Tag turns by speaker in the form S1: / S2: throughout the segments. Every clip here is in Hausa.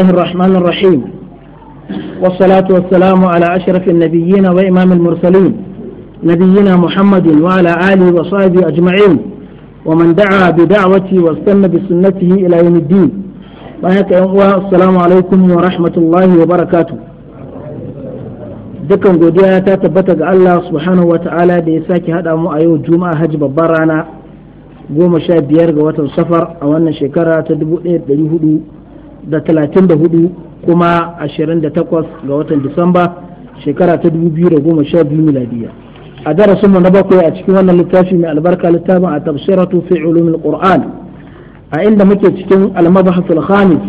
S1: الله الرحمن الرحيم والصلاة والسلام على أشرف النبيين وإمام المرسلين نبينا محمد وعلى آله وصحبه أجمعين ومن دعا بدعوته واستنى بسنته إلى يوم الدين السلام عليكم ورحمة الله وبركاته dukan godiya ta tabbata ga Allah subhanahu wa ta'ala da ya sake haɗa mu a yau juma'a hajji babbar rana goma sha biyar ga watan safar a wannan shekara ta 1400 da talatin da hudu kuma ashirin da takwas ga watan disamba shekara ta dubu biyu da goma sha biyu miladiya a darasinmu na bakwai a cikin wannan littafi mai albarka littafin a tafsiratu fi ulumul qur'an a inda muke cikin al-mabhasul khamis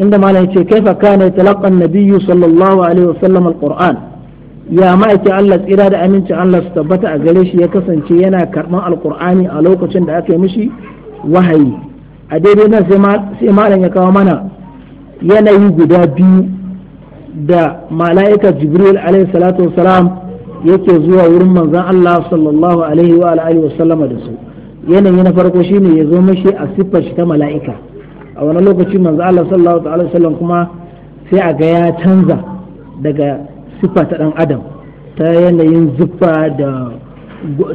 S1: inda malam yace kaifa kana talaqa an-nabiyyu sallallahu alaihi wasallam al-qur'an ya ma'aiki Allah tsira da aminci Allah su tabbata a gare shi ya kasance yana karɓan alkur'ani a lokacin da aka yi mishi wahayi a daidai nan sai malam ya kawo mana yanayi guda biyu da mala'ika jibril alaihi salatu wasalam yake zuwa wurin manzan Allah sallallahu alaihi wa alihi wasallama da su yanayi na farko shine ya zo mashi a siffar shi ta mala'ika a wani lokaci manzan Allah sallallahu alaihi wasallam kuma sai a ga ya canza daga siffa ta dan adam ta yanayin zuffa da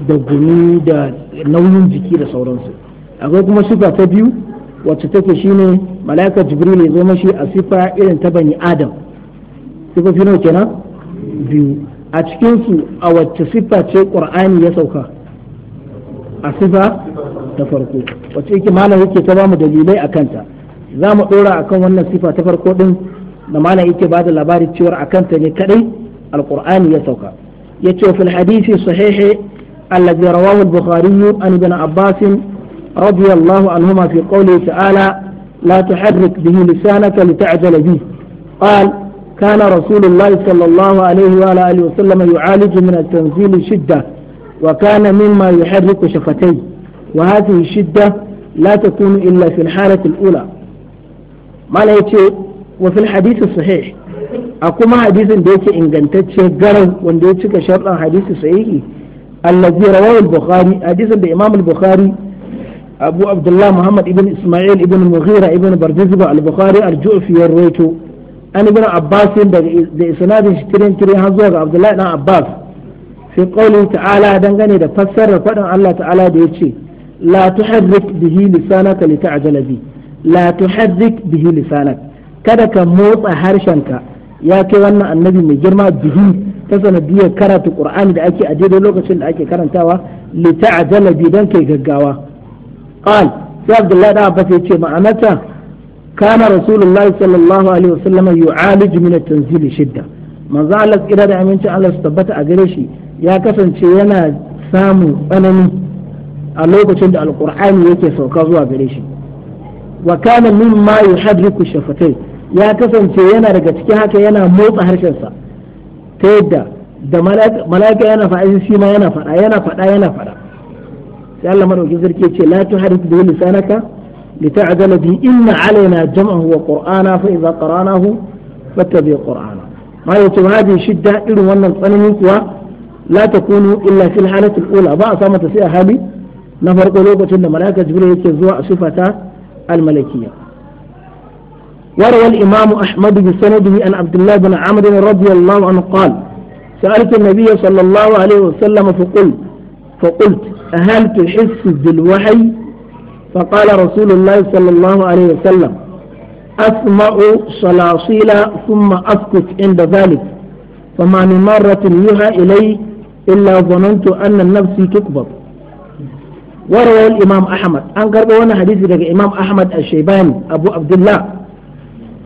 S1: da gumi da nauyin jiki da sauransu akwai kuma siffa ta biyu wacce take shine mala'ika jibril ya zo mashi a sifa irin ta bani adam sifofi nawa kenan biyu a cikin su a wacce sifa ce qur'ani ya sauka a sifa ta farko wacce yake malam yake ta bamu dalilai a kanta za mu dora akan wannan sifa ta farko din da malam yake bada labari cewa akan ta ne kadai alqur'ani ya sauka yace fil hadisi sahihi alladhi rawahu al-bukhari an ibn abbas رضي الله عنهما في قوله تعالى لا تحرك به لسانك لتعجل به قال كان رسول الله صلى الله عليه وآله وسلم يعالج من التنزيل شدة وكان مما يحرك شفتيه وهذه الشدة لا تكون إلا في الحالة الأولى ما لا وفي الحديث الصحيح أقوم حديث ديك إن قنتت قرر وان ديك شرطا حديث صحيح الذي رواه البخاري حديث بإمام البخاري أبو عبد الله محمد بن إسماعيل بن مغيرة بن بردزبة البخاري الجعفي الرويتو أنا ابن عباس بإسناد شكرين كرين هزوغ عبد الله بن عباس في قوله تعالى دنغني ده فسر فدن الله تعالى ديتشي لا تحرك به لسانك لتعجل به لا تحرك به لسانك kada ka motsa harshenka ya kai wannan annabi mai girma bihi ta sanadiyar karatu qur'ani da ake a daidai lokacin da ake karantawa li ta'jala bi dan kai gaggawa qal sai abdullahi da abbas ya ce ma'anarta kana rasulullahi sallallahu alaihi wasallam yu'alij shidda manzo Allah kira da aminci Allah su tabbata a gare shi ya kasance yana samun tsanani a lokacin da alkur'ani yake sauka zuwa gare shi wa kana mimma yuhadriku shafatai ya kasance yana daga cikin haka yana motsa harshensa ta yadda da mala'ika yana faɗa shi ma yana faɗa yana faɗa yana faɗa sai Allah madaukakin sarki ya ce la tuharrik bi lisanaka lita'jala bi inna alaina jam'ahu wa qur'ana fa idza qara'nahu fattabi qur'ana ma yace wa hadi shidda irin wannan tsananin kuwa la takunu illa fil halati al-ula ba a samu ta sai a hali na farko lokacin da malaika jibril yake zuwa a sifata al-malakiyya وروى الإمام أحمد بسنده عن عبد الله بن عمرو رضي الله عنه قال سألت النبي صلى الله عليه وسلم فقلت فقلت هل تحس بالوحي فقال رسول الله صلى الله عليه وسلم أسمع صلاصيل ثم أسكت عند ذلك فما من مرة يوحى إلي إلا ظننت أن النفس تقبض وروى الإمام أحمد أن قرب وانا حديث لك إمام أحمد الشيباني أبو عبد الله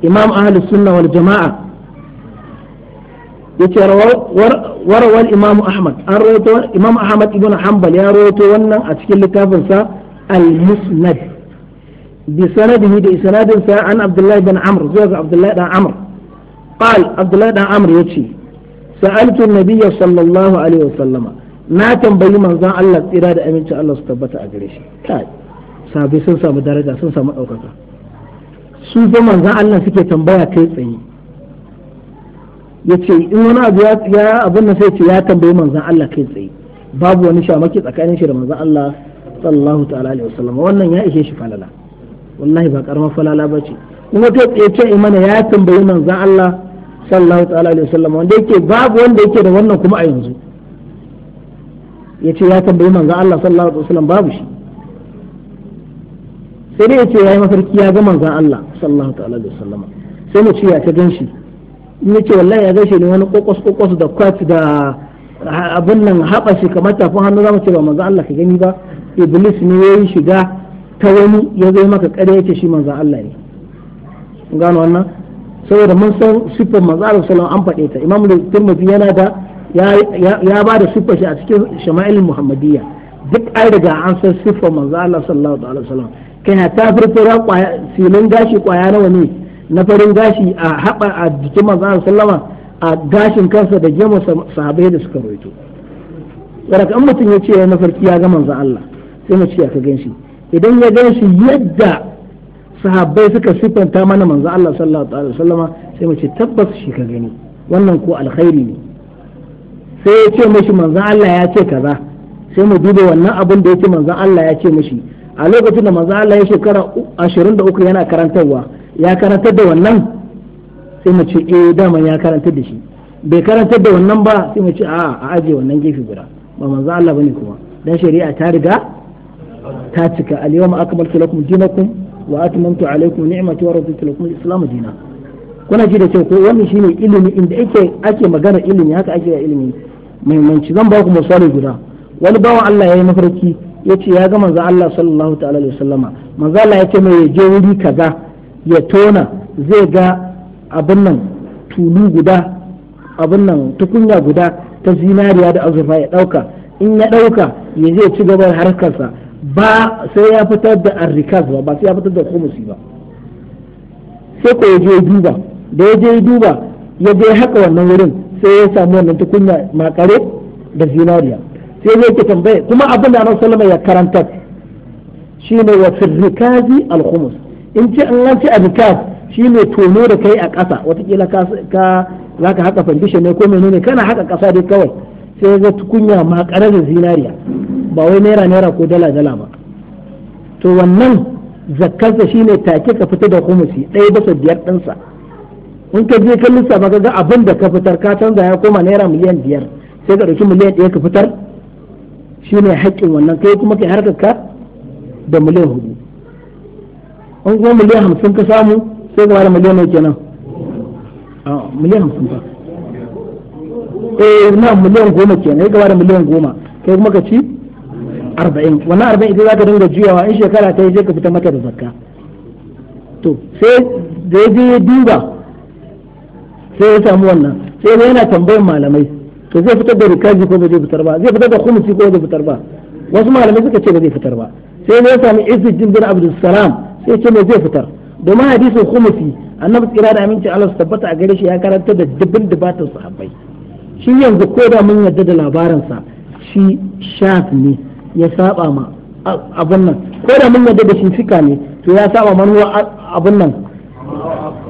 S1: إمام أهل السنة والجماعة yace warawal imam ahmad an rawaito imam ahmad ibn hanbal ya rawaito wannan a cikin littafin sa al-musnad bi sanadihi da isnadin sa an abdullahi bin amr zuwa ga abdullahi dan amr qal abdullahi dan amr yace sa'altu nabiyya sallallahu alaihi wasallama na tambayi manzon Allah tsira da aminci Allah su tabbata a gare shi kai sabi sun samu daraja sun samu daukaka su fa manzon Allah suke tambaya kai tsaye ya ce in wani abu ya abin na sai ce ya tambayi manzan Allah kai tsaye babu wani shamaki tsakanin shi da manzan Allah sallallahu ta'ala alaihi wasallam wannan ya ishe shi falala wallahi ba karamar falala ba ce kuma kai tsaye ce imana ya tambayi manzan Allah sallallahu ta'ala alaihi wasallam wanda yake babu wanda yake da wannan kuma a yanzu ya ce ya tambayi manzan Allah sallallahu alaihi wasallam babu shi sai dai ya ce ya yi mafarki ya ga manzan Allah sallallahu ta'ala alaihi wasallam sai mu ci ya ta gan shi in yake wallahi ya gaishe ne wani kokos kokos da kwat da abin nan haɓa shi kamar tafin hannu za mu ce ba manzo Allah ka gani ba iblis ne yayi shiga ta wani ya zo maka kare yake shi manzo Allah ne gano wannan saboda mun san siffar manzo Allah sallallahu an faɗe ta imamu tirmidhi yana da ya ba da siffar shi a cikin shama'il muhammadiyya duk ai daga an san siffar manzo Allah sallallahu alaihi wasallam kai ta furfura silin gashi kwaya nawa ne na farin gashi a haɓa a jikin manzan sallama a gashin kansa da gemu sahabai da suka roito wadda in mutum ya ce ya mafarki ya ga manzon Allah sai mu ce ka ganshi idan ya ganshi yadda sahabbai suka siffanta mana manzon Allah sallallahu alaihi wasallama sai mu ce tabbas shi ka gani wannan ko alkhairi ne sai ya ce mashi manzon Allah ya ce kaza sai mu duba wannan abin da ya ce manzon Allah ya ce mashi a lokacin da manzon Allah ya shekara 23 yana karantarwa ya karantar da wannan sai mu ce eh dama ya karantar da shi bai karantar da wannan ba sai mu ce a a aje wannan gefe guda ba manzo Allah bane kuma dan shari'a ta riga ta cika al-yawma akmaltu lakum dinakum wa atmamtu alaykum ni'mati wa raditu lakum al-islamu dina kuna ji da cewa ko wannan shine ilimi inda ake ake magana ilimi haka ake da ilimi muhimmanci zan ba ku misali guda wani bawan Allah ya yi mafarki yace ya ga manzo Allah sallallahu ta'ala alaihi wasallama manzo Allah ya ce mai je wuri kaza ya tona zai ga abin nan tulu guda abin nan tukunya guda ta zinariya da azurfa ya ɗauka in ya ɗauka ya zai ci gaba da harkarsa ba sai ya fitar da arrikaz ba ba sai ya fitar da kumusi ba sai ko ya je duba da ya je duba ya je haka wannan wurin sai ya samu wannan tukunya makare da zinariya sai zai ke tambaye kuma abin da annabi sallama ya karantar shine wa firrikazi al-khumus in ce an an ce shi ne tono da kai a ƙasa watakila ka za ka haka fandishin ne ko menene kana haka ƙasa dai kawai sai ga tukunya ma ƙarar zinariya ba wai naira naira ko dala dala ba to wannan zakkarsa ne take ka fita da kumusi ɗaya bisa biyar ɗinsa in ka je kan lissafa ka ga abin da ka fitar ka canza ya koma naira miliyan biyar sai ka ɗauki miliyan ɗaya ka fitar ne haƙƙin wannan kai kuma kai harkar ka da miliyan hudu in kuma miliyan hamsin ka samu sai ka bada miliyan nawa kenan ah, miliyan hamsin ba
S2: eh na miliyan
S1: goma kenan sai ka bada miliyan goma kai kuma ka ci arba'in wannan arba'in ita za ka dinga juyawa in shekara ta yi sai ka fita mata da zakka to sai da ya je ya duba sai ya samu wannan sai ne yana tambayin malamai to zai fitar da rikaji ko bai fitar ba zai fitar da kumusi ko bai fitar ba wasu malamai suka ce ba zai fitar ba sai ne ya samu izzuddin bin abdul salam sai ce mai zai fitar domin hadisin khumusi annabi tsira da amince Allah su tabbata a gare shi ya karanta da dubin dubatan sahabbai shi yanzu ko da mun yarda da sa shi shaf ne ya saba ma abun nan ko da mun yarda da shi fika ne to ya saba manuwa abun nan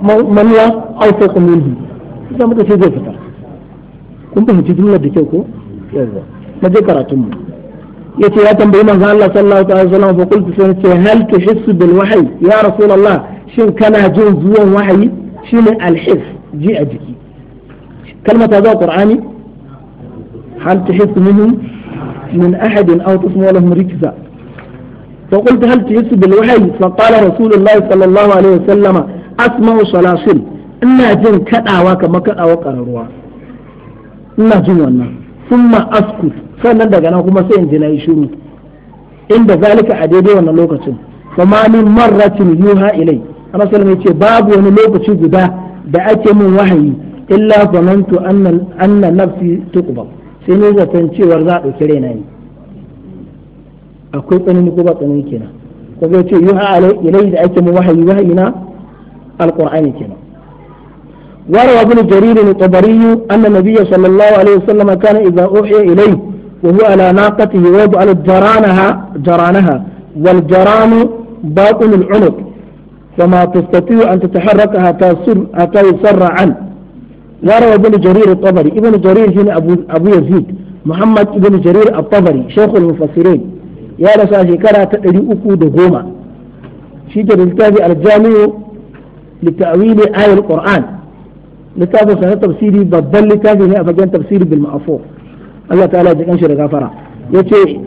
S1: manuwa aufakum minhu sai muka ce zai fitar kun fahimci jumlar da kyau ko yanzu na je karatun mu yace ya tambayi manzo Allah sallallahu alaihi wasallam fa qultu sai ce hal tuhissu bil wahyi ya rasulullah shin kana jin zuwan wahayi shine al ji a jiki kalma ta zo qur'ani hal tuhissu minhu min ahadin aw tusma lahum rikza فقلت هل تحس بالوحي فقال رسول الله صلى الله عليه وسلم أسمع صلاصل ina جن كدعوا كما كدعوا قرروا ina jin wannan. summa asku sannan daga nan kuma sai in ji na shiru inda zalika a daidai wannan lokacin kuma min marratin yuha ilai ana mai ce babu wani lokaci guda da ake min wahayi illa zamantu anna anna nafsi tuqba sai ne zaton cewar za a dauki raina ne akwai tsanani ko ba tsanani kenan ko zai ce yuha ilai da ake min wahayi wahayi na alqur'ani kenan وروى ابن جرير الطبري أن النبي صلى الله عليه وسلم كان إذا أوحي إليه وهو على ناقته ويضع جرانها جرانها والجران باطن العنق فما تستطيع أن تتحرك حتى يسر عنه وروى ابن جرير الطبري ابن جرير هنا أبو, أبو يزيد محمد ابن جرير الطبري شيخ المفسرين يا رسا شكرا تدري أكو دهوما شجر الكافي الجامع لتأويل آية القرآن littafin sa na tafsiri babban littafi ne a fagen tafsiri bil ma'afu Allah ta'ala ji shi da gafara yace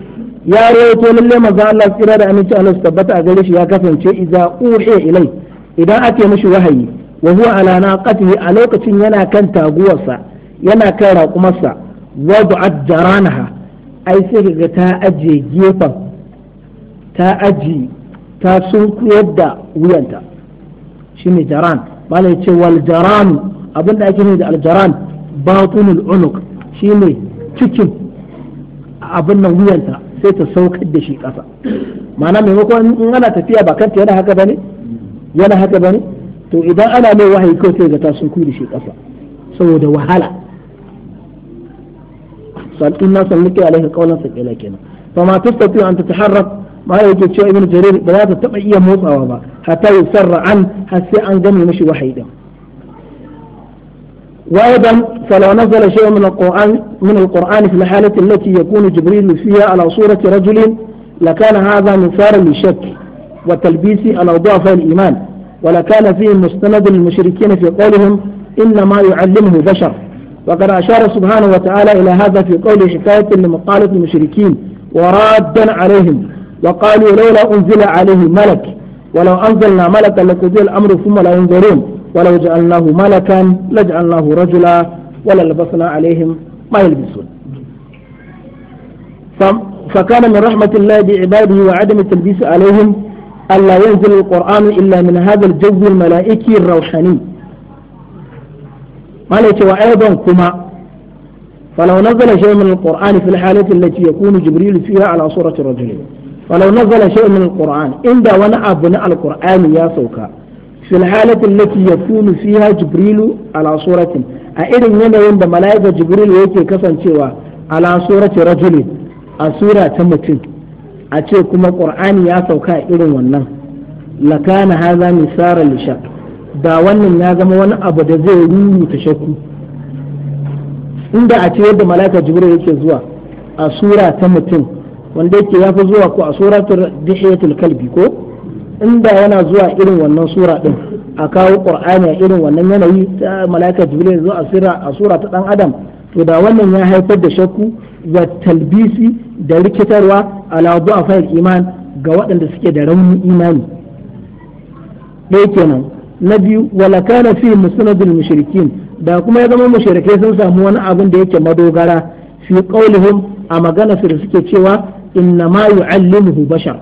S1: ya rawaito lalle manzo Allah tsira da aminci Allah su tabbata a gare shi ya kasance idza uhiya ilai idan ake mishi wahayi wa huwa ala naqatihi a lokacin yana kan taguwarsa yana kan raƙumarsa wadu'at jaranaha ai sai kaga ta ajiye gefen ta aji ta sun da wuyanta shine jaran bala ya ce wal jaranu abin da ake nufi da aljaran batunul unuq shine cikin abin nan wuyanta sai ta saukar da shi ƙasa ma'ana maimakon in ana tafiya ba kanta yana haka bane yana haka bane to idan ana mai wahayi kawai sai ga ta sun da shi ƙasa saboda wahala in na san muke alaihi kaulan sakila kenan fa ma tastati an tataharrak ma yake cewa ibnu jarir ba za ta taba iya motsawa ba hatta yusarra an har sai an gane mishi wahayi din وأيضا فلو نزل شيء من القرآن من القرآن في الحالة التي يكون جبريل فيها على صورة رجل لكان هذا مثارا للشك وتلبيس على ضعف الإيمان ولكان فيه مستند للمشركين في قولهم إنما يعلمه بشر وقد أشار سبحانه وتعالى إلى هذا في قول حكاية لمقالة المشركين ورادا عليهم وقالوا لولا أنزل عليه ملك ولو أنزلنا ملكا لقضي الأمر ثم لا ينظرون ولو جعلناه ملكا لجعلناه رجلا وللبسنا عليهم ما يلبسون فكان من رحمة الله بعباده وعدم التلبيس عليهم ألا ينزل القرآن إلا من هذا الجو الملائكي الروحاني قال وأيضا كما فلو نزل شيء من القرآن في الحالة التي يكون جبريل فيها على صورة رجل فلو نزل شيء من القرآن عند ونأى بناء القرآن يا سوكا في الحالة التي يكون فيها جبريل على صورة أئذن ينا يند ملائكة جبريل يكي كسن شوا على صورة رجل أسورة تمتين أتي كما قرآن ياسو كا إذن لكان هذا مثارا لشك دا wannan ya zama wani abu da zai rubuta shakku inda a ce yadda malaka jibril yake zuwa a sura ta mutum wanda yake ya fi zuwa ko a suratul dihiyatul kalbi ko inda yana zuwa irin wannan sura din a kawo qur'ani a irin wannan yanayi ta malaika jibril zuwa a sura a sura ta dan adam to da wannan ya haifar da shakku wa talbisi da rikitarwa ala du'afa iman ga waɗanda suke da rauni imani dai kenan na biyu wala kana fi musnadul mushrikin da kuma ya zama mushrikai sun samu wani abin da yake madogara fi qaulihim a magana su da suke cewa inna ma yu'allimuhu bashar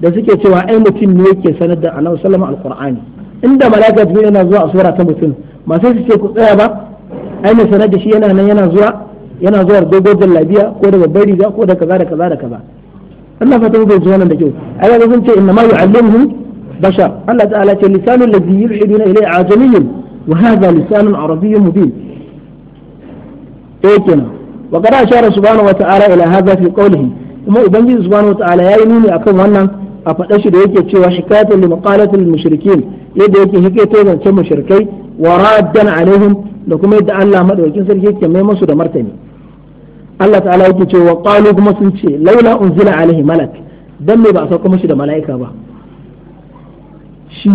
S1: da suke cewa ai mutum ne yake sanar da annabi sallama alqur'ani inda malaka biyu yana zuwa a sura ta mutum ba sai su ce ku tsaya ba ai mai sanar da shi yana nan yana zuwa yana zuwa dogon jallabiya ko da babbar riga ko da kaza da kaza da kaza Allah fata bai ji wannan da kyau ai ga sun ce inna ma yu'allimuhu bashar Allah ta'ala ce lisanul ladhi yulhiduna ilayhi ajamiyyun wa hadha lisanun arabiyyun mubin eh kenan wa qad ashara subhanahu wa ta'ala ila hadha fi qawlihi kuma ubangiji subhanahu wa ta'ala yayi nuni akan wannan a faɗa shi da yake cewa hikayatun li maqalatul mushrikin yadda yake hikaito zance mushrikai wa raddan alaihim da kuma yadda Allah madaukakin sarki yake mai musu da martani Allah ta'ala yake cewa qalu kuma sun ce laula unzila alaihi malak dan me ba a sauko mishi da mala'ika ba shi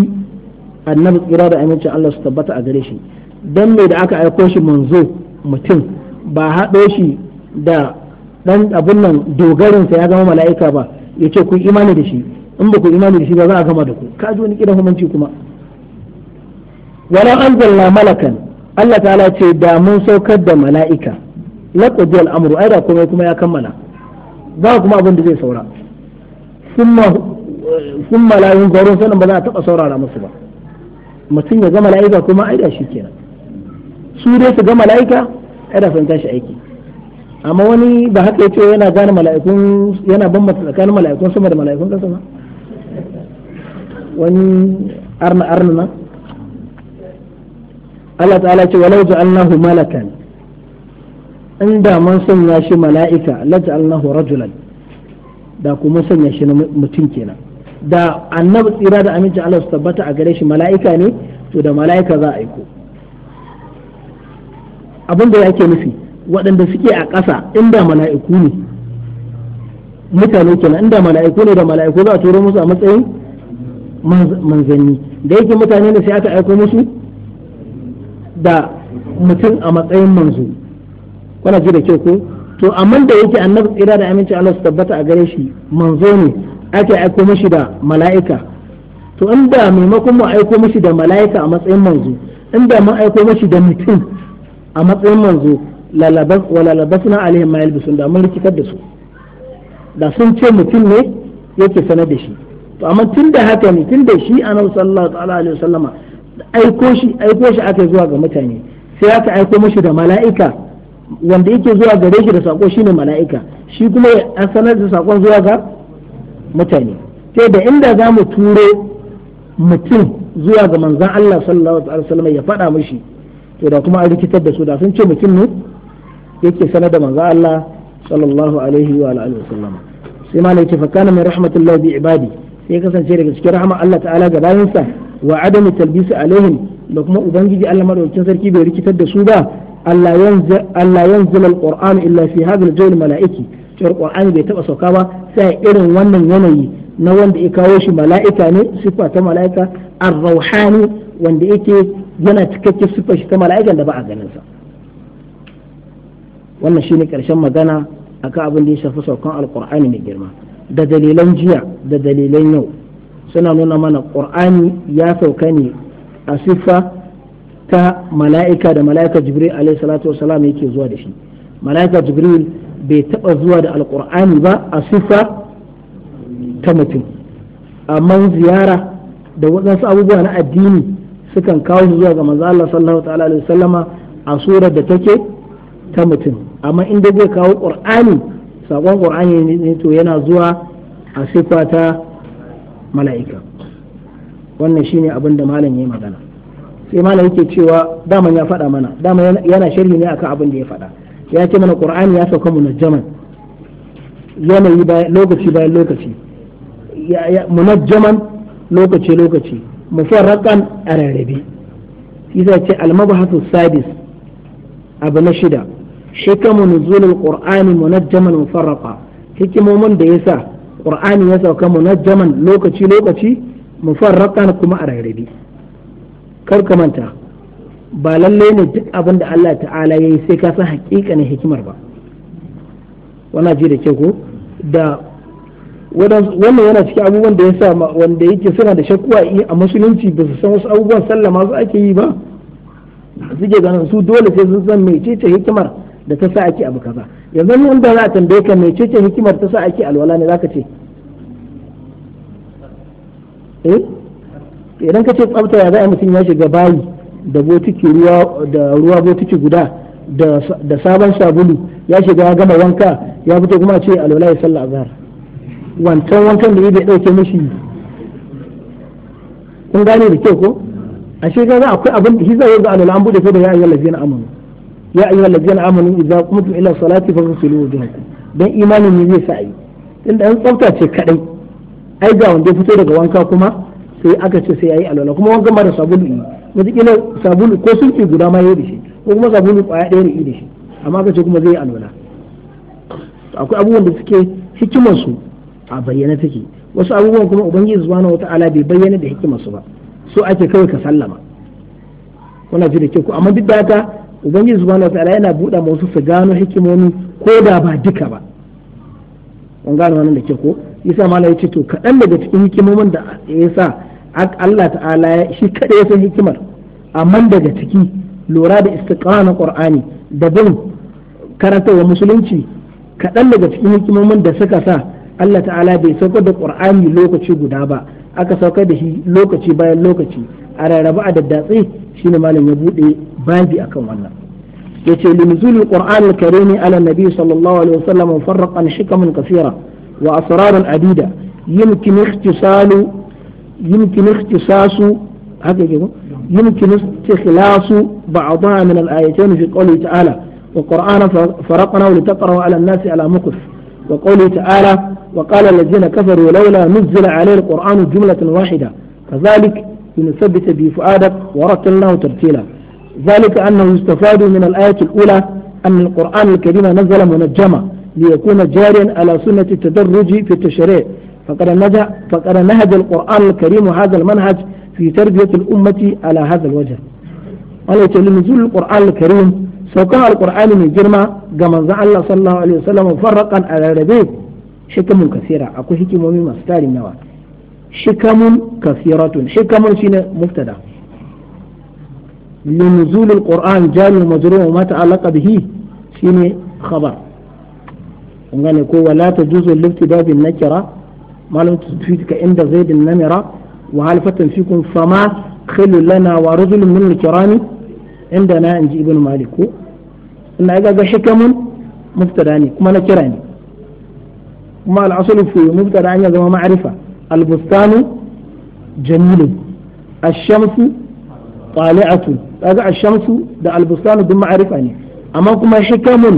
S1: annabi tsira da amincin Allah su tabbata a gare shi dan me da aka aiko shi manzo mutum ba haɗo shi da dan abun nan sa ya zama mala'ika ba ya ce kuyi imani da shi in ba ku imani da shi ba za a gama da ku ka ji wani kiran hukunci kuma wala anzalna malakan Allah ta'ala ce da mun saukar da mala'ika laqad al-amru ai da komai kuma ya kammala ba kuma abin da zai saura summa summa la yunzarun sanan ba za a taɓa saurara musu ba mutum ya ga mala'ika kuma ai da shi kenan su dai su ga mala'ika ai da sun tashi aiki amma wani ba haka ya ce yana gane mala'ikun yana bambanta tsakanin mala'ikun sama da mala'ikun kasa ba wani arna arna Allah ta'ala ce walau ja'alnahu malakan inda mun sanya shi mala'ika la ja'alnahu rajulan da kuma sanya shi mutum kenan da annabi tsira da aminci Allah su tabbata a gare shi mala'ika ne to da mala'ika za a aiko abin da yake nufi waɗanda suke a ƙasa inda mala'iku ne mutane kenan inda mala'iku ne da mala'iku za a turo musu a matsayin manzanni da yake mutane da sai aka aiko musu da mutum a matsayin manzo kuna ji da kyau ko to amma da yake annabi tsira da aminci Allah su tabbata a gare shi manzo ne ake aiko mishi da mala'ika to inda maimakon mu aiko mishi da mala'ika a matsayin manzo inda mun aiko mishi da mutum a matsayin manzo lalabas wa lalabasna alaihim ma yalbisun da mun rikitar da su da sun ce mutum ne yake sanar da shi to amma tun da haka ne tun da shi annabi sallallahu alaihi wasallama aiko shi aiko shi aka zuwa ga mutane sai aka aiko mashi da mala'ika wanda yake zuwa gare shi da sako shi ne mala'ika shi kuma ya sanar da sakon zuwa ga mutane sai da inda za mu turo mutum zuwa ga manzan Allah sallallahu alaihi wasallam ya faɗa mashi to da kuma an rikitar da su da sun ce mutum ne yake sanar da manzan Allah sallallahu alaihi wa alihi wasallam sai malai ce fa kana min rahmatullahi bi ibadi sai kasance daga cikin rahama Allah ta'ala ga bayansa wa adam talbisi alaihim da kuma ubangiji Allah madaukakin sarki bai rikitar da su ba Allah yanzil Allah yanzil alquran illa fi hadha aljawl malaiki cewa qur'ani bai taba sauka ba sai irin wannan yanayi na wanda ya kawo shi mala'ika ne sifa ta mala'ika ar-rauhani wanda yake yana cikakke sifa shi ta mala'ikan da ba a ganin sa wannan shine karshen magana akan abin da ya shafi saukan alqur'ani mai girma da dalilan jiya da dalilan yau suna nuna mana ƙur'ani ya sauka ne a siffa ta mala'ika da mala'ika jibril alaihi salatu wasalam yake zuwa da shi mala'ika jibril bai taɓa zuwa da alƙur'ani ba a siffa ta mutum amma ziyara da waɗansu abubuwa na addini sukan kawo su zuwa ga manzo Allah sallallahu ta'ala alaihi wasallama a surar da take ta mutum amma inda zai kawo ƙur'ani sakon qur'ani ne to yana zuwa a sifa ta mala'ika wannan shine abin da malam ya magana sai malam yake cewa daman ya faɗa mana daman yana sharhi ne akan abin da ya faɗa ya ce mana qur'ani ya sauka munajjaman yanayi bayan lokaci bayan lokaci munajjaman lokaci lokaci mufarraqan a rarrabe shi ce al-mabahathu sadis abu na shida mu nuzulul qur'ani munajjaman mufarraqa hikimomin da yasa qur'ani ya sauka munajjaman lokaci lokaci mufarraqan kuma a rarrabe kar ka manta ba lalle ne duk abin da Allah ta'ala yayi sai ka san hakikanin hikimar ba wannan ji da ke ko da wannan yana cikin abubuwan da ya wanda yake suna da shakkuwa a musulunci ba su san wasu abubuwan sallama su ake yi ba suke ganin su dole sai sun san mai mecece hikimar da ta sa ake abu kaza yanzu in da za a tambaye ka mai cece hikimar ta sa ake alwala ne zaka ce eh idan ka ce tsafta ya za a mutum ya shiga bayi da botiki ruwa da ruwa botiki guda da sabon sabulu ya shiga ya gama wanka ya fito kuma ce alwala ya sallah azhar wancan wankan da bai dauke mishi kun gane da kyau ko ashe ga akwai abin da shi zai yi ga alwala an bude ko da ya ayyuhal ladina amanu ya ayyuha allazina amanu idza qumtum ila salati faghsilu wujuhakum dan imanin ne zai sa ayi dan an tsafta ce kadai ai ga wanda fito daga wanka kuma sai aka ce sai yayi alwala kuma wankan mara da sabulu Wani kila sabulu ko sun ce guda ma yayi da shi ko kuma sabulu kwaya ɗaya ne da shi amma aka ce kuma zai yi alwala akwai abubuwan da suke hikimar su a bayyana take wasu abubuwan kuma ubangiji subhanahu wataala bai bayyana da hikimar su ba so ake kawai ka sallama kuna ji da ke ku amma duk da haka ubangiji subhanahu ta'ala yana buɗa wasu su gano hikimomi ko da ba duka ba kun gano wannan da ke ko yasa mala ce to kaɗan daga cikin hikimomin da ya sa Allah ta'ala ya shi kaɗa ya san hikimar amma daga ciki lura da istiqra na qur'ani da bin wa musulunci kaɗan daga cikin hikimomin da suka sa Allah ta'ala bai saukar da qur'ani lokaci guda ba aka saukar da shi lokaci bayan lokaci a rarraba a daddatse shi ne malam ya buɗe babi a kan wannan yace ce linzul qur'an al-karimi ala nabi sallallahu alaihi wa asrarun adida yumkin ikhtisalu yumkin ikhtisasu haka yake yumkin istikhlasu ba'dha min al-ayatayn fi qouli ta'ala لنثبت به فؤادك ورتلناه ترتيلا ذلك أنه يستفاد من الآية الأولى أن القرآن الكريم نزل منجما ليكون جاريا على سنة التدرج في التشريع فقد نهج فقد نهج القرآن الكريم هذا المنهج في تربية الأمة على هذا الوجه. ولكن إيه لنزول القرآن الكريم سوكا القرآن من جرما كما الله صلى الله عليه وسلم مفرقا على ربيب شكم كثيرة أكو حكم من ستاري النواه حكم كثيرة حكم شنو مبتدا لنزول القرآن جار ومجرور وما تعلق به شنو خبر وقال ولا تجوز الابتداء بالنكرة ما لم تفيدك عند زيد النمرة وهالفة فيكم فما خل لنا ورجل من الكرام عندنا انجي ابن مالك ان اذا حكم مبتدا كما نكراني ما الاصل في مبتدا ان زما معرفه albustanu jamilu ashamsu tali'atu kaga ashamsu da albustanu duk ma'arifa ne amma kuma hikamun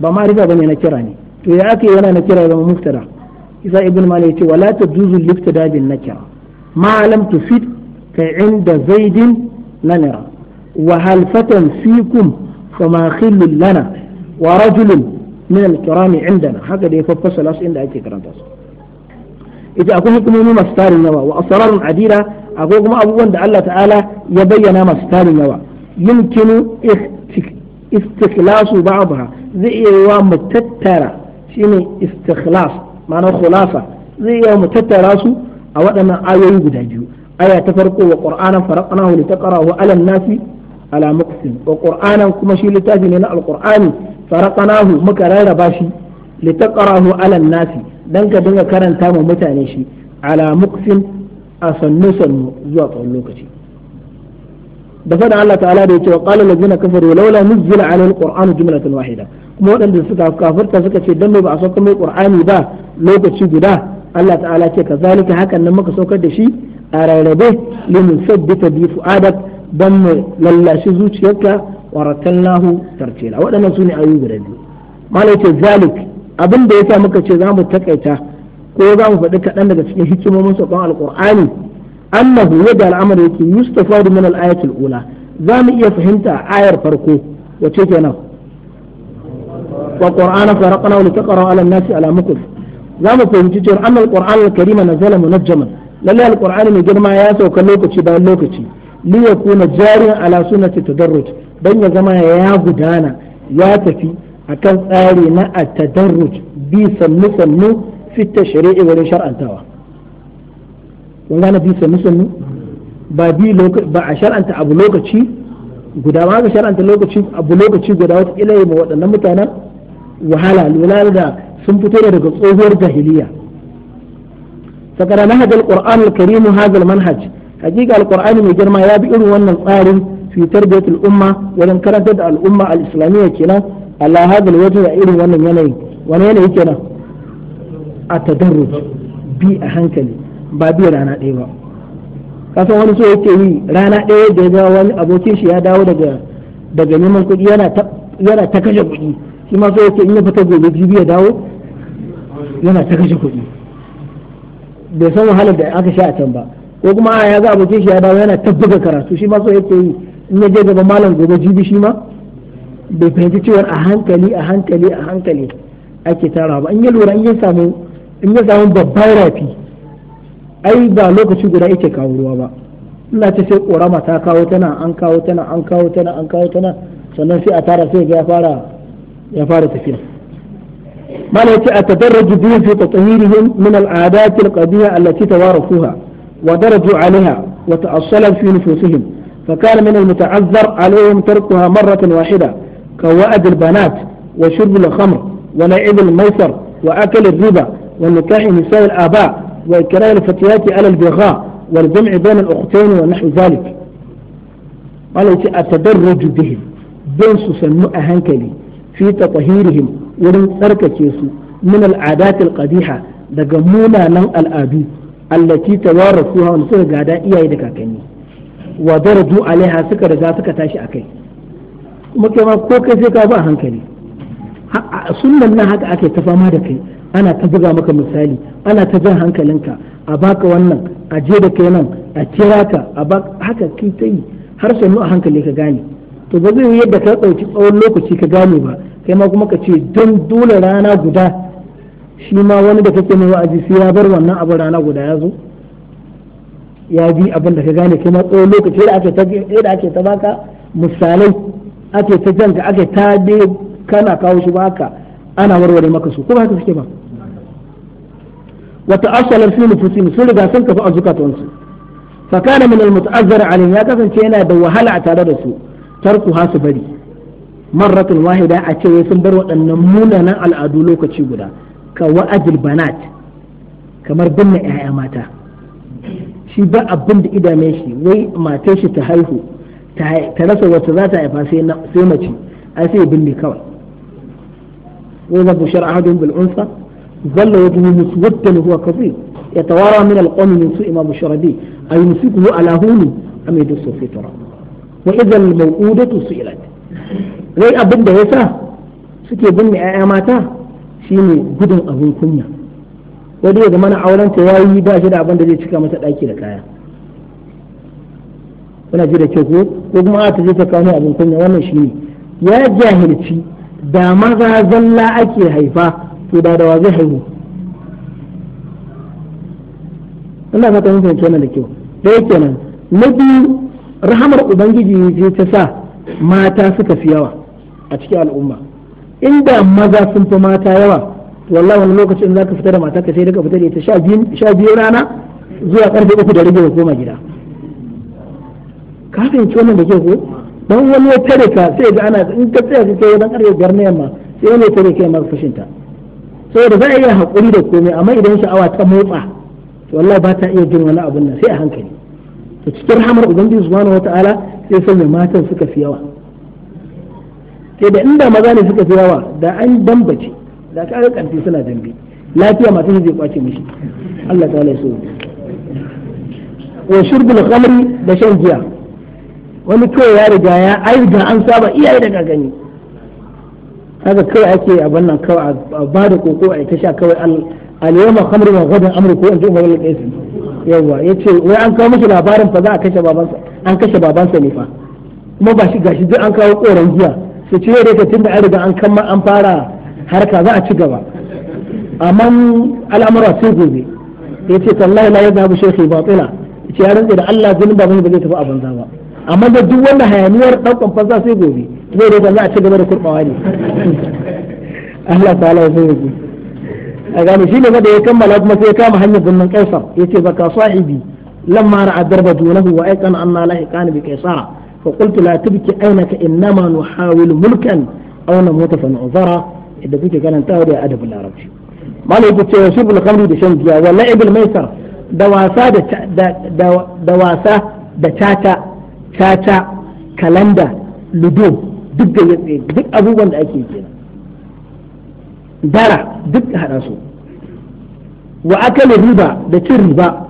S1: ba ma'arifa bane na kira ni to ya ake yana na kira zama muftada isa ibn malik yace wala tajuzu libtada bin nakira ma lam tufid ka inda zaidin nanira wa hal fatan fikum fama khillun lana wa rajulun min al-kirami indana haka da ya fassala su inda ake karanta su yace akwai hukumomi masu tarin yawa wa asrarun akwai kuma abubuwan da Allah ta'ala ya bayyana masu tarin yawa yumkinu istikhlasu ba'daha zai iya yiwa mu tattara shine istikhlas ma'ana khulasa zai iya mu tattara su a waɗannan ayoyi guda biyu aya ta farko wa qur'anan faraqnahu litaqra'ahu 'ala an-nasi ala muqsim wa qur'anan kuma shi littafi ne na alqur'ani faraqnahu muka rarraba shi litaqra'ahu 'ala an-nasi dan ka dinga karanta ma mutane shi ala a sannu sannu zuwa tsawon lokaci da faɗa Allah ta'ala da yake wa qala allazina kafaru laula nuzila ala alqur'anu jumlatan wahida kuma waɗanda suka kafirta suka ce dan ba a sauka mai qur'ani ba lokaci guda Allah ta'ala ce kazalika hakan nan muka saukar da shi a rarrabe limin sabbita bi fu'adak dan mu lallashi zuciyarka wa ratallahu tartila waɗannan sune ayu guda biyu malai ce zalik abin da ya sa muka ce za mu takaita ko za mu faɗi kaɗan daga cikin hikimomin saƙon alƙur'ani annahu yadda al'amari yake yustafadu min al ula za mu iya fahimta ayar farko wace nan wa qur'ana faraqna li taqra 'ala an-nasi ala mukul za mu fahimci cewa annal qur'an al-karima nazala munajjaman lalle al-qur'an mai girma ya sauka lokaci bayan lokaci liya kuna jariyan ala sunnati tadarruj dan ya zama ya gudana ya tafi akan tsari na at-tadarruj bi sannu sannu fi tashri'i wurin shar'antawa kun gane bi sannu sannu ba bi ba a shar'anta abu lokaci guda ba ga shar'anta lokaci abu lokaci guda wata kila yi ma waɗannan mutanen wahala lura da sun fito daga tsohuwar jahiliya sakara na al-qur'an al karimu hadha manhaj hakika al-qur'an mai girma ya bi irin wannan tsarin fitar da tarbiyatul umma wajen karantar da al-umma al-islamiyya kenan Allah hadal wajen a irin wannan yanayi wani yanayi nan a tadarruj bi a hankali ba bi rana ɗaya ba kasan wani so yake yi rana ɗaya da ga wani abokin shi ya dawo daga daga neman kuɗi yana ta yana ta kashe kuɗi shi ma so yake in ya fita gobe jibi ya dawo yana ta kashe kuɗi bai san wahalar da aka sha a can ba ko kuma ya ga abokin shi ya dawo yana ta buga karatu shi ma so yake yi in ya je gaba malam gobe jibi shi ma bai fahimci cewa a hankali a hankali a hankali ake tara ba in ya lura in ya samu in ya samu babban rafi ai ba lokaci guda yake kawo ruwa ba ina ce sai ƙorama ta kawo tana an kawo tana an kawo tana an kawo tana sannan sai a tara sai ya fara ya fara tafiya mana yace a tadarraju bihi fi tatahirihim min al'adat al-qadiha allati tawarathuha wa daraju 'alayha wa ta'assalu fi nufusihim فكان من المتعذر عليهم تركها مرة واحدة كوائد البنات وشرب الخمر ولعب الميسر وأكل الربا ونكاح نساء الآباء وإكراه الفتيات على البغاء والجمع بين الأختين ونحو ذلك قال أتدرج بهم بين سنو أهنكلي في تطهيرهم ورن تركتيسو من العادات القبيحة دقمونا نن الآبي التي توارثوها ونسوها قادا إياه دكاكني ودرجوا عليها سكر ذا سكتاش أكي kuma ma ko kai sai ka ba hankali sunnan nan haka ake ta fama da kai ana ta buga maka misali ana ta jan hankalinka a baka wannan a je da kai nan a kira ka a ba haka kai ta yi har sai a hankali ka gane to ba zai yadda ka ɗauki tsawon lokaci ka gane ba kai ma kuma ka ce don dole rana guda shi ma wani da kake mai wa'azi sai ya bar wannan abin rana guda ya zo ya bi abin da ka gane kai ma tsawon lokaci da ake ta baka misalai ake ta janka ake ta dai kana kawo shi ba haka ana warware maka su ko ba haka suke ba wata asalar fi nufusin sun riga sun kafa a zukatansu fa kana min al muta'azzar alayhi ya kasance yana da wahala a tare da su tarku hasu bari marratun wahida a ce sun bar waɗannan munanan al'adu lokaci guda ka wa'ajil banat kamar binne 'ya'ya mata shi ba abin da idame shi wai matar shi ta haihu ta rasa wata za ta haifa sai mace ai sai bin ne kawai wa za ku shar ahadun bil unsa zalla wa tuhu muswaddan huwa kafi ya tawara min al qawmi min su imam sharabi ay nusiku ala huni am yadsu fi tara wa idha al mawudatu su'ilat rai abin da sa suke binne ayya mata shine gudun abin kunya wani ya zama na auren ta yayi ba shi da abin da zai cika mata daki da kaya kuna ji da ke ko ko kuma ta je ta kawo abin kunya wannan shi ne ya jahilci da maza zalla ake haifa to da da zai haihu ina fata mun fahimci da kyau da yake nan na biyu rahamar ubangiji ne ta sa mata suka fi yawa a cikin al'umma inda maza sun fi mata yawa to wallahi wani lokacin zaka fita da mata ka sai daga fita da ita sha biyu rana zuwa karfe uku da rage ka koma gida ka fahimci wannan da ke ko dan wani ya tare ka sai ga ana in ka tsaya kake dan karfe biyar na yamma sai wani ya tare kai mar fushin ta saboda za a iya hakuri da komai amma idan sha'awa ta motsa to wallahi ba ta iya jin wani abun nan sai a hankali to cikin rahamar ubangiji subhanahu wataala sai sanya matan suka fi yawa sai da inda maza ne suka fi yawa da an dambace da ka ga karfi suna dambe lafiya matan zai kwace mishi Allah ta'ala ya so wa shurbul khamri da shan giya wani kawai ya riga ya ai an saba iyaye daga gani haka kawai ake a wannan kawai a ba da koko a ta sha kawai al-yawma khamru wa ghadan amru ko in ji umar al-qais yawa yace wai an kawo mashi labarin fa za a kashe babansa an kashe babansa ne fa kuma ba shi gashi duk an kawo koran giya su ce yau da tunda an riga an kamma an fara harka za a ci gaba amma al'amura sai gobe yace tallahi la yadhabu shaykhi batila yace ya rantsa da Allah zulun baban ba zai tafi a banza ba amma da duk wannan hayaniyar daukan fansa sai gobe zai roƙa za a ci gaba da kurbawa ne Allah ta'ala ya zai a gane shi ne da ya kammala kuma sai ya kama hanyar birnin kaisar ce baka sahibi lamma ra'a darba dunahu wa aikana anna lahiqan bi kaisara fa qultu la tubki aynaka innama nuhawilu mulkan aw namuta fa nu'zara idda kuke karanta da adabul larabci malai ku ce shubul khamri da shan giya wa la'ibul maisar da wasa da da wasa da tata caca kalanda ludo duk da yatsa duk abubuwan da ake kenan dara duk hada su wa akala riba da cin riba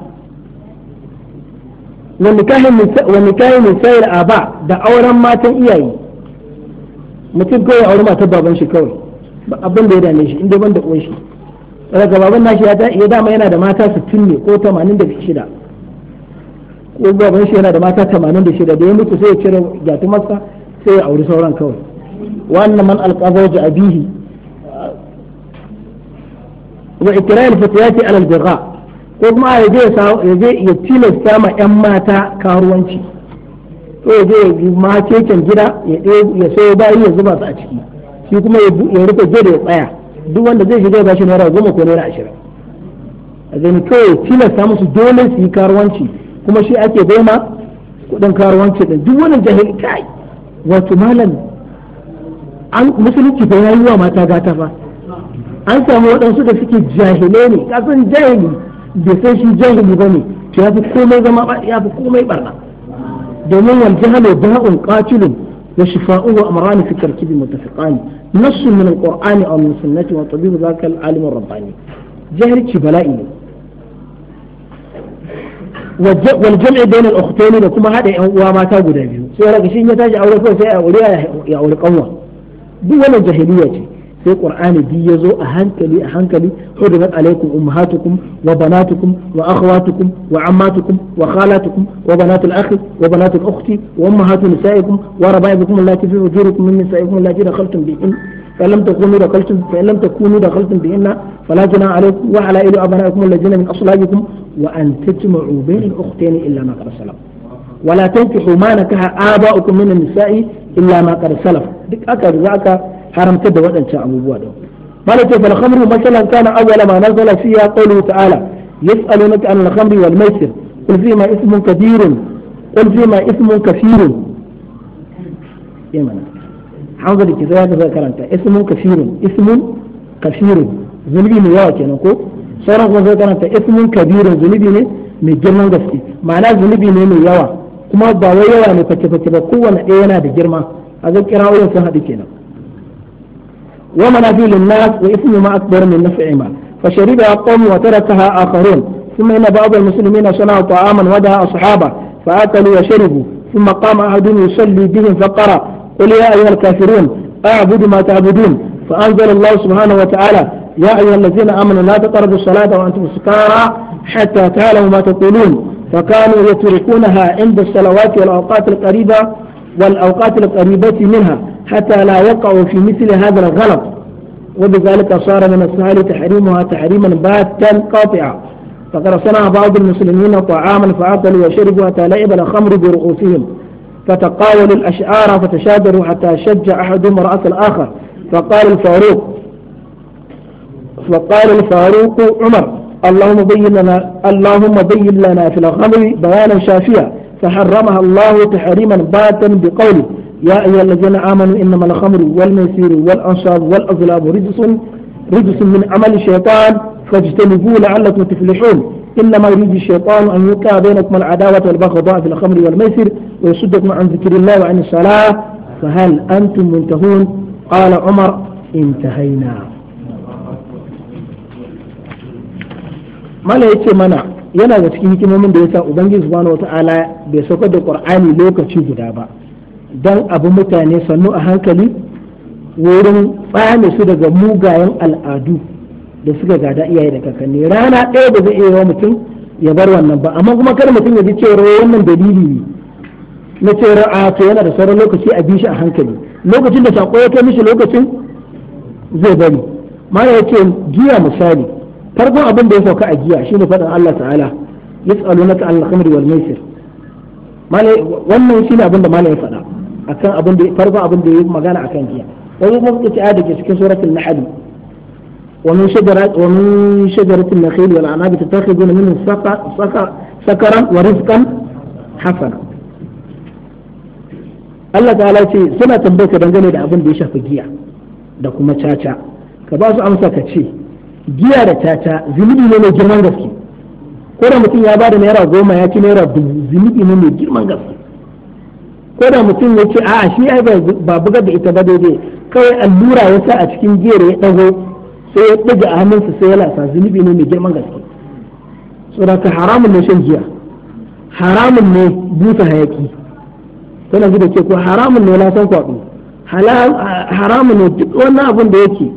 S1: wa nikahi min sayar a ba da auren matan iyaye mutum kawai auren matan baban shi kawai abin da ya dame shi inda ban da uwan shi daga baban nashi ya dama yana da mata 60 ne ko 86 ko ban shi yana da mata 86 da ya mutu sai ya cire gatumarsa sai ya auri sauran kawai wannan man alqazaw abihi wa ikra'il fatiyati ala albigha ko kuma ya je ya tilasta ma yan mata karuwanci to ya je ya ma keken gida ya sayo bayi ya zuba su a ciki shi kuma ya rufe gida ya tsaya duk wanda zai shiga ya bashi naira goma ko naira ashirin a zai kawai tilasta musu dole su yi karuwanci kuma shi ake baima kudin karuwanci din duk wannan jahili kai wato malam an musulunci fa wa mata gata ba an samu waɗansu da suke jahilai ne kasan jahili bai sai shi jahili ba ne ya fi komai zama ya fi komai barna domin wal jahalu ba'un qatilun wa shifa'u wa amrani fi tarkibi mutafiqani nassun min alqur'ani aw min sunnati wa tabibu zakal alim rabbani jahilci bala'i ne wal jam'i bain al ukhtayn da kuma hada yan uwa mata guda biyu sai raka shi ya tashi aure kawai sai aure ya aure kanwa duk wannan jahiliya ce sai qur'ani bi yazo a hankali a hankali hudurat alaikum a wa banatukum wa akhawatukum wa ammatukum wa khalatukum wa banatul akhi wa wa فلم تكونوا دخلتم فإن تكونوا دخلتم بهن فلا جناح عليكم وعلى إلى الذين من أصلابكم وأن تجمعوا بين الأختين إلا ما قد سلف ولا تنكحوا ما نكح آباؤكم من النساء إلا ما قد سلف دك أكا ذاك حرم تبا وأن شاء أبو مالك فالخمر مثلا كان أول ما نزل فيها قوله تعالى يسألونك عن الخمر والميسر قل فيما إثم كبير قل فيما إثم كثير يمنا حافظ الكتاب هذا كلام اسم كثير اسم كثير ذنبي مياه كنا sauran kuma sai karanta ismin kabirin zunubi ne mai girman gaske ma'ana zunubi ne mai yawa kuma ba wai yawa ne fake fake ba kowanne ɗaya yana da girma a zan kira wurin sun haɗu kenan wa manafi linnas wa ismu ma akbar min naf'i ma fa shariba qawm wa tarakaha akharun thumma inna ba'd al-muslimina sana'a ta'aman wa da'a ashaba fa akalu wa sharibu thumma qama ahadun yusalli bihim fa qara qul ya ayyuhal kafirun a'budu ma ta'budun fa anzala Allah subhanahu wa ta'ala يا أيها الذين آمنوا لا تقربوا الصلاة وأنتم سكارى حتى تعلموا ما تقولون فكانوا يتركونها عند الصلوات والأوقات القريبة والأوقات القريبة منها حتى لا يقعوا في مثل هذا الغلط وبذلك صار من السهل تحريمها تحريما باتا قاطعا فقد صنع بعض المسلمين طعاما فأكلوا وشربوا حتى لعب الخمر برؤوسهم فتقاولوا الأشعار فتشادروا حتى شج أحدهم رأس الآخر فقال الفاروق فقال الفاروق عمر اللهم بين لنا اللهم بين لنا في الغلو بيانا شافيا فحرمها الله تحريما باتا بقوله يا أيها الذين آمنوا إنما الخمر والميسير والأنصاب والأزلام رجس رجس من عمل الشيطان فاجتنبوه لعلكم تفلحون إنما يريد الشيطان أن يوقع بينكم العداوة والبغضاء في الخمر والميسر ويصدكم عن ذكر الله وعن الصلاة فهل أنتم منتهون قال عمر انتهينا
S2: mala ya ce mana
S1: yana da cikin hikimomin da ya sa ubangiji subhanahu wata'ala bai saukar da qur'ani lokaci guda ba dan abu mutane sannu a hankali wurin mai su daga mugayen al'adu da suka gada iyaye da kakanni rana ɗaya ba zai iya mutum ya bar wannan ba amma kuma kar mutum ya ji cewa wannan dalili ne na cewa a to yana da sauran lokaci a bi shi a hankali lokacin da sako ya kai mishi lokacin zai bari mana ya ce giya misali farkon abin da ya sauka a jiya shine faɗin Allah ta'ala yas'alunaka al khamr wal maisir malai wannan shine abin da malai ya faɗa akan abin da farkon abin da ya magana akan jiya wani kuma suka ce da ke cikin suratul nahl wa min shajarat wa min shajaratil nakhil wal anabi tattakhiduna minhu saqa saqa sakaran wa rizqan hasana Allah ta'ala ce suna tambayar ka dangane da abin da ya shafi giya da kuma caca ka ba su amsa ka ce giya da caca zunubi ne mai girman gaske ko da mutum ya bada naira goma ya ci naira dubu zunubi ne mai girman gaske ko da mutum ya ce a'a shi ai ba bugar da ita ba daidai kawai allura ya sa a cikin giyar ya dago sai ya ɗaga a hannunsa sai ya lasa zunubi ne mai girman gaske saboda ka haramun ne shan giya haramun ne busa hayaki tana da ce ko haramun ne lasan kwaɗo haramun ne duk wannan abin da yake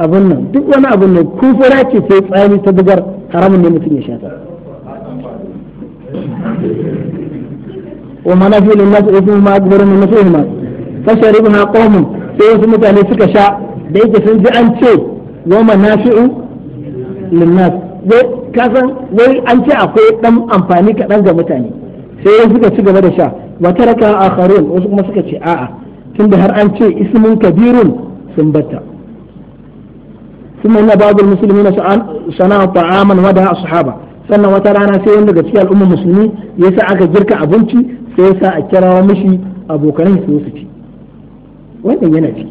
S1: abin nan duk wani abin nan kufura ce sai tsani ta bugar haramun ne mutum ya shata wa na fi lin nasu ofin ma akbaru ma kashe fa na qawmun sai wasu mutane suka sha da yake sun ji an ce wa na fi nas wai kasan wai an ce akwai dan amfani kaɗan ga mutane sai wasu suka ci gaba da sha wa taraka akharun wasu kuma suka ce a'a tunda har an ce ismun kabirun sun batta ثم إن بعض المسلمين صنعوا طعاما ودعا الصحابة سنة وترانا سيئن لك سيئ الأمة المسلمين يسعى كجرك أبنتي سيسعى الكرا ومشي أبو كريم سوسكي وين ينأتي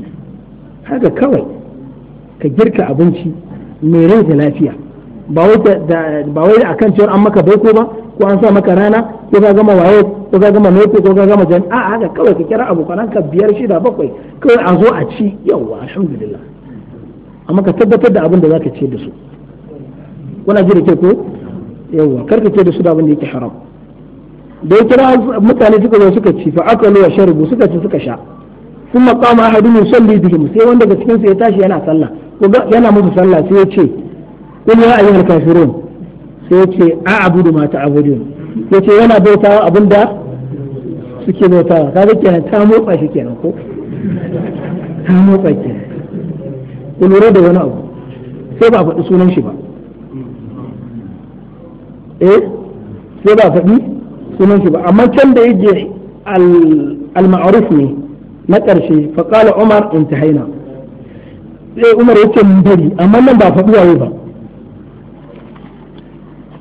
S1: هذا كوي كجرك أبنتي ميرين ثلاثية ba wai a kan cewar an maka baiko ba ko an sa maka rana ko ka gama waye ko ka gama neko ko ka gama jan a haka kawai ka kira abokananka biyar shida bakwai kawai a zo a ci yawwa alhamdulillah amma ka tabbatar da abin da zaka ce da su kuna ji da ke ko yawwa karka ce da su da abin da yake haram da ya kira mutane suka zo suka ci fa aka wa sharibu suka ci suka sha sun maqama son yusalli mu sai wanda daga cikin su ya tashi yana sallah ko yana musu sallah sai ya ce kun ya ayyuhal kafirun sai ya ce a'budu ma ta'budun ya ce yana bautawa da suke bautawa kaga kenan ta motsa shi kenan ko
S2: ta motsa kenan
S1: ku lura da wani abu sai ba a faɗi sunan shi ba eh sai ba faɗi sunan shi ba amma can da yake al-ma'ruf ne na ƙarshe fa qala umar intahaina sai umar yake mun bari amma nan ba faɗi waye ba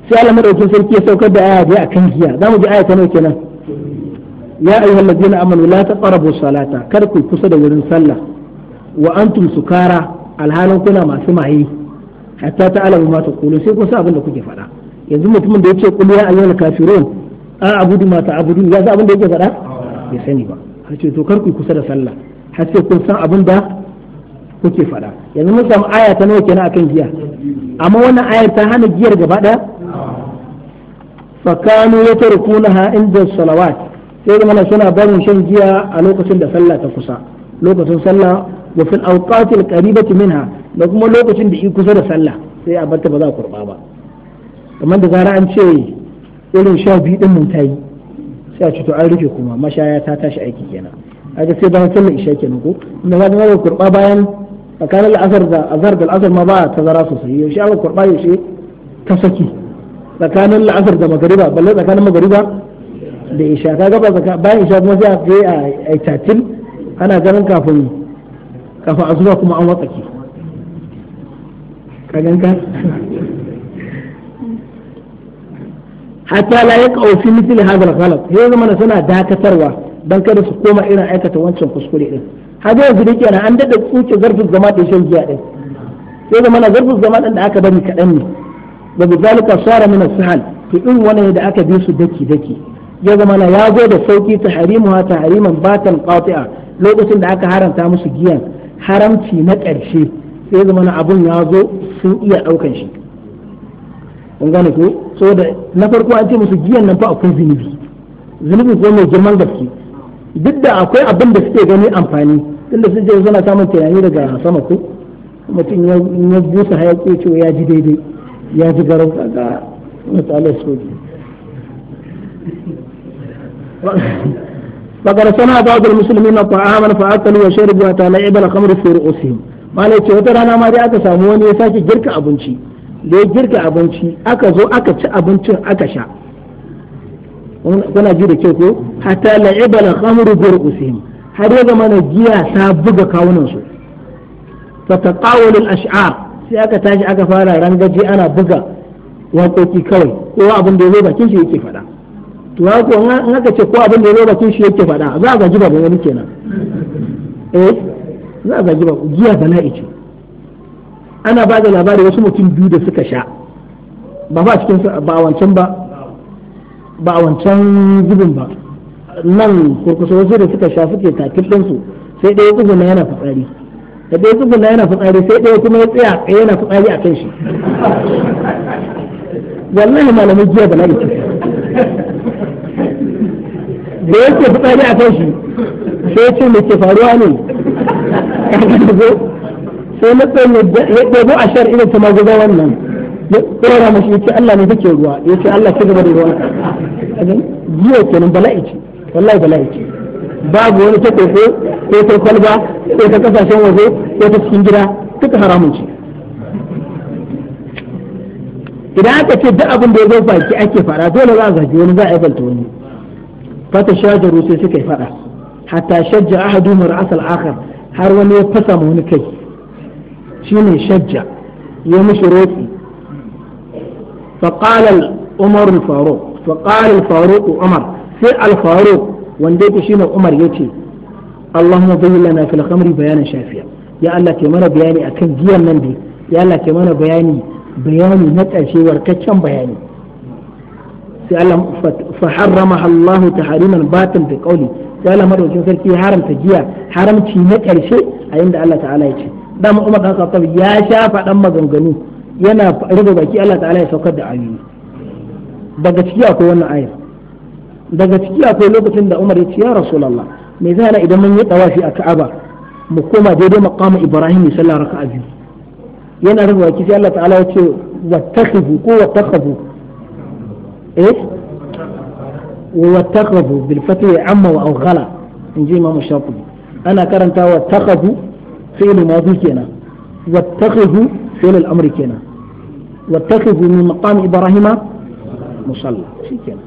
S1: sai Allah madaukin sarki ya saukar da aya a kan giya zamu ji aya ta nawa kenan ya ayyuhal ladina amanu la taqrabu salata kar ku kusa da wurin sallah wa antum sukara alhalin kuna masu maye hatta ta alamu ma ta kulu sai kusa abin da kuke faɗa yanzu mutumin da ce kulu ya ayyana kafirun a abudu ma ta abudu ya san abin da yake faɗa bai sani ba har ce to kar ku kusa da sallah har sai kun san abin da kuke faɗa yanzu mun samu aya ta nawa kenan akan giya amma wannan ayar ta hana giyar gaba ɗaya fakanu ya tarkunaha inda salawat sai da mana suna barin shan giya a lokacin da sallah ta kusa lokacin sallah wa fil awqati al qaribati minha da kuma lokacin da yi kusa da sallah sai a barta ba za a kurba ba kamar da gara an ce irin sha biyu din mun tayi sai a ce to an rufe kuma mashaya ta tashi aiki kenan kaga sai bayan sallar isha kenan ko inda za ka kurba bayan tsakanin al'asar da azhar da al'asar ma ba tazara sosai yaushe yaushe saki tsakanin la'asar da magariba tsakanin magariba da isha ka ba bayan isha kuma sai a kai a tatil ana ganin kafin kafa zuwa kuma an watsake ka hatta la yaqau fi mithli hadha al ya zama zama suna dakatarwa don kada su koma irin aikata wancan kuskure din haka yanzu da kenan an dada kuce zarfin zama da shan giya din ya zama na zarfin zama din da aka bari kaɗan ne da bizalika sara min sahal to in wani da aka bi su daki daki ya zama na ya zo da sauki ta harimuwa ta hariman batan qati'a lokacin da aka haranta musu giyan haramci na ƙarshe sai zama na abun ya zo sun iya ɗaukan shi kun gane ko da na farko an ce musu giyan nan fa akwai zunubi zunubi ko mai girman gaske duk da akwai abin da suke gani amfani tunda sun ce suna samun tunani daga sama ko mutum ya busa hayaki cewa ya ji daidai ya ji garau ga matsalar soji فقد صنع بعض المسلمين طعاما فاكلوا وشربوا حتى لعب الخمر في رؤوسهم ما ce wata rana ma dai aka samu wani ya sake girka abinci da ya girka abinci aka zo aka ci abincin aka sha kuna ji da kyau ko hatta la'ibal khamru bi ru'usihim har ya zama na giya ta buga kawunan su fa ash'ar sai aka tashi aka fara ran gaji ana buga waƙoƙi kawai kowa abin da ya zo bakin shi yake faɗa to ya ko aka ce ko abin da ya lokacin shi yake faɗa za a gaji ba wani kenan eh za a gaji baban giya bala'i ce ana ba da labari wasu mutum biyu da suka sha ba ba cikin ba a wancan ba ba a wancan zubin ba nan kurkusa wasu da suka sha suke takin ɗinsu sai ɗaya tsuguna yana fitsari da ɗaya tsuguna yana fitsari sai ɗaya kuma ya tsaya yana fitsari a kan shi wallahi malamai jiya bala'i ce da yake fitsari a kan shi sai ce me ke faruwa ne sai na ɗago a shar irin ta maguza wannan ya ɗora mashi ya ce Allah ne kake ruwa ya ce Allah ci gaba da ruwa jiya kenan bala'i ce wallahi bala'i ce babu wani ta koko ko ta kwalba ko ta kasashen waje ko ta cikin gida duka haramun ce idan aka ce duk abin da ya zo baki ake fara dole za a zaki wani za a aibanta wani fata shajaru sai suka yi fada hatta shajja ahadu asal akhar har wani ya fasa ma kai shine shajja ya mishi roki faqala umar al-faruq faqala al-faruq umar sai al-faruq wanda yake shine umar yace allahumma bayyin lana fil khamri bayanan shafiya ya Allah ke mana bayani akan giyan nan dai ya mana bayani bayani na ƙarshe warkaccen bayani sai Allah fa harramaha Allah tahriman batin bi qawli sai Allah madaukakin sarki haramta giya haramci na karshe a inda Allah ta'ala ya ce dan Umar dan Khattab ya sha faɗan maganganu yana rubuta baki Allah ta'ala ya saukar da ayoyi daga ciki akwai wannan ayar daga ciki akwai lokacin da Umar ya ce ya Rasulullah me zai na idan mun yi tawafi a Ka'aba mu koma daidai maqama Ibrahim sallallahu alaihi wasallam yana rubuta baki sai Allah ta'ala ya ce wattakhidhu ko wattakhafu إيه
S2: واتخذوا
S1: بالفتح عم وأوغلا إن جي إمام الشاطبي أنا كرنت واتخذوا فعل ماضي كنا واتخذوا فعل الأمر كنا واتخذوا من مقام إبراهيم مصلى شكرا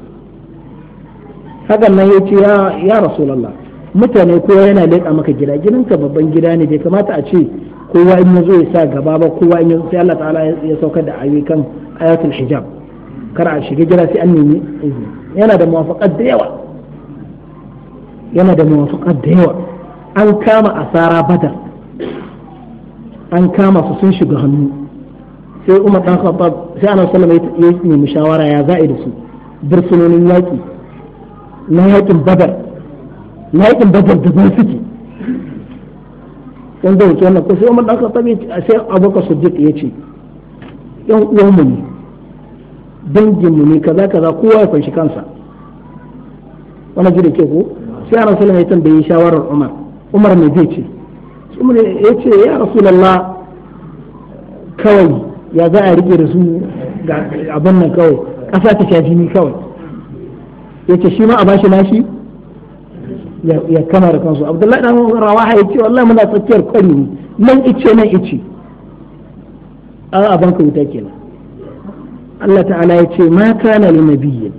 S1: هذا ما يتي يا, يا رسول الله mutane kowa yana leƙa maka gida gidanka babban gida ne bai kamata a ce kowa in ya zo ya sa gaba ba kowa in ya sai Allah ta'ala ya saukar da ayyukan ayatul hijab kar a shiga gida sai an nemi izini yana da da yawa yana da muwafaqat da yawa an kama asara badar an kama su sun shiga hannu sai umar dan khattab sai annabi sallallahu alaihi wasallam ya nemi shawara ya za'i da su bursunonin yaki na yakin badar na yakin badar da ba suke wanda yake wannan ko sai umar dan khattab sai abubakar siddiq ya ce yan uwan mu ne danginmu ne kaza kaza kowa ya fanshi kansa wani ji da ke ko sai a rasulun ya tambayi shawarar umar umar mai zai ce umar ya ce ya lalla kawai ya za a rike da su ga abin nan kawai ƙasa ta shafi ni kawai ya ce shi ma a bashi nashi ya kama da kansu abdullahi dan rawaha ya ce wallahi muna tsakiyar kwari ne nan ice nan ice abin abanka wuta kenan Allah ta'ala ya ce ma kana lin nabiyyi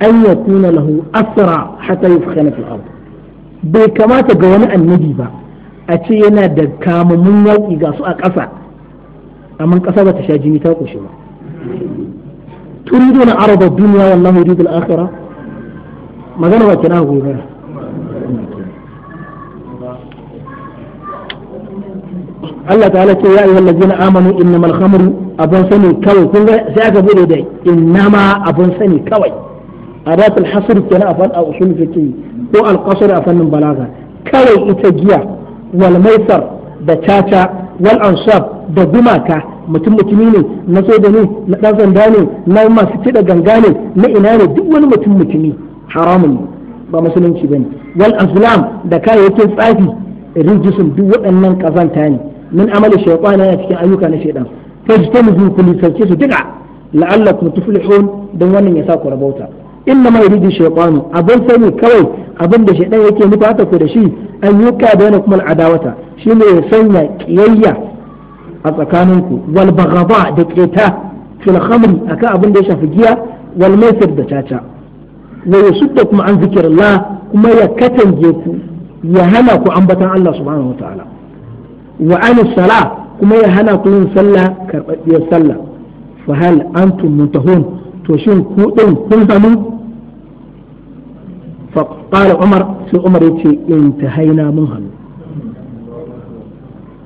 S1: an yakuna lahu asra hatta yufkhana fil ard bai kamata ga wani annabi ba a ce yana da kamammun yaƙi ga su a ƙasa amma ƙasa ba ta sha jini ta kushe ba
S2: turiduna arada dunya
S1: wallahu yuridu al-akhirah magana ba kina gobe
S2: Allah ta'ala ce ya ayyuhal
S1: na amanu innamal khamru abun sani kawai kun sai aka bude da ma abun sani kawai adatul hasir ke na fan a usul fiqh ko alkasar a fannin balaga kawai ita giya wal maisar da caca wal ansab da gumaka mutum mutumi ne na soja ne na ɗan sanda ne na masu cida ganga ne na ina ne duk wani mutum mutumi haramun ba musulunci ne wal aslam da kayayyakin tsafi rijisun duk waɗannan kazanta ne min amali shaytan yana cikin ayyuka na shaytan fajtanibu kulli sarki su duka la'allakum tuflihun dan wannan ya sa ku rabauta inna ma yuridu shaytanu abin sani kawai abin da shaytan yake nufi haka ko da shi an yuka da kuma al'adawata ne ya sanya kiyayya a tsakaninku wal baghaba da qita fil khamri akan abin da ya shafi giya wal maisir da caca wa kuma an zikrillah kuma ya katange ku ya hana an batar Allah subhanahu wataala wa an kuma ya hana ku yin sallah karɓaɓɓiyar sallah fa hal antum muntahun to shin ku din kun samu fa qala umar sai umar yace intahaina mun hannu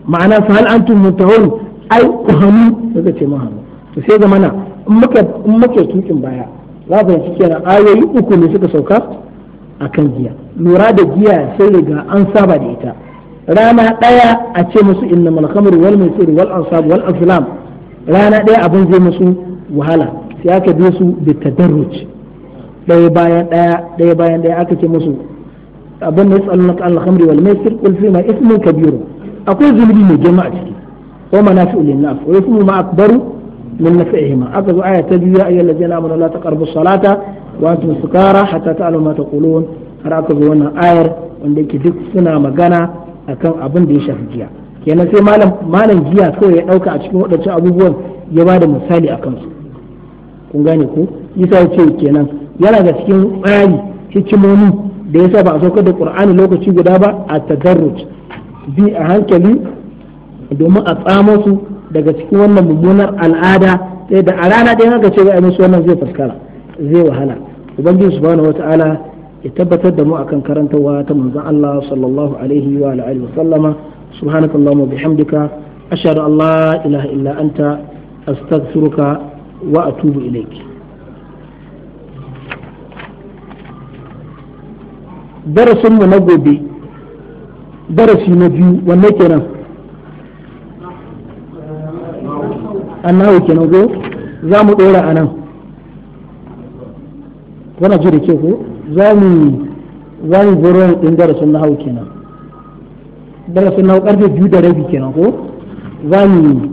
S1: ma'ana fa hal antum muntahun ai ku hannu daga ce mun hannu to sai in muka in muke tukin baya za ku uku ne suka sauka akan lura da giya sai daga an saba da ita rana ɗaya a ce musu inna khamru wal maisir wal ansab wal azlam rana ɗaya abin zai musu wahala sai aka bi su da tadarruj ɗaya bayan ɗaya ɗaya bayan ɗaya aka ce musu abin da yasalunaka al khamri wal maisir qul fi ma ismun kabiru akwai zunubi mai girma a ciki wa manafi'u lin nas wa ismu ma akbaru min nafi'ihima aka zo aya ta biyu ya ayyuhal ladzina amanu la taqrabu salata wa antum sukara hatta ta'lamu ma taqulun har aka zo wannan ayar wanda yake duk suna magana akan abin da ya shafi jiya kenan sai malam jiya kawai ya dauka a cikin waɗancan abubuwan ya ba da misali a kansu kun gane ko isa ya ce kenan yana da cikin tsari hikimomi da ya sa ba a saukar da qur'ani lokaci guda ba a tadarruj bi a hankali domin a tsamo su daga cikin wannan mummunar al'ada sai da a rana ɗaya haka ce ga musu wannan zai fuskara zai wahala ubangiji subhanahu wata'ala ya tabbatar da mu akan karantarwa ta manzon Allah sallallahu alaihi wa alihi wa sallama subhanakallahumma bihamdika ashhadu an la ilaha illa anta astaghfiruka wa atubu ilaik darasin mu na gobe darasi na biyu wanne kenan
S2: annahu kenan go
S1: za mu dora nan. wannan ji da ke ko za mu za mu burin ɗin darasin nahawu
S2: kenan darasin nahawu ƙarfe biyu da rabi kenan ko za mu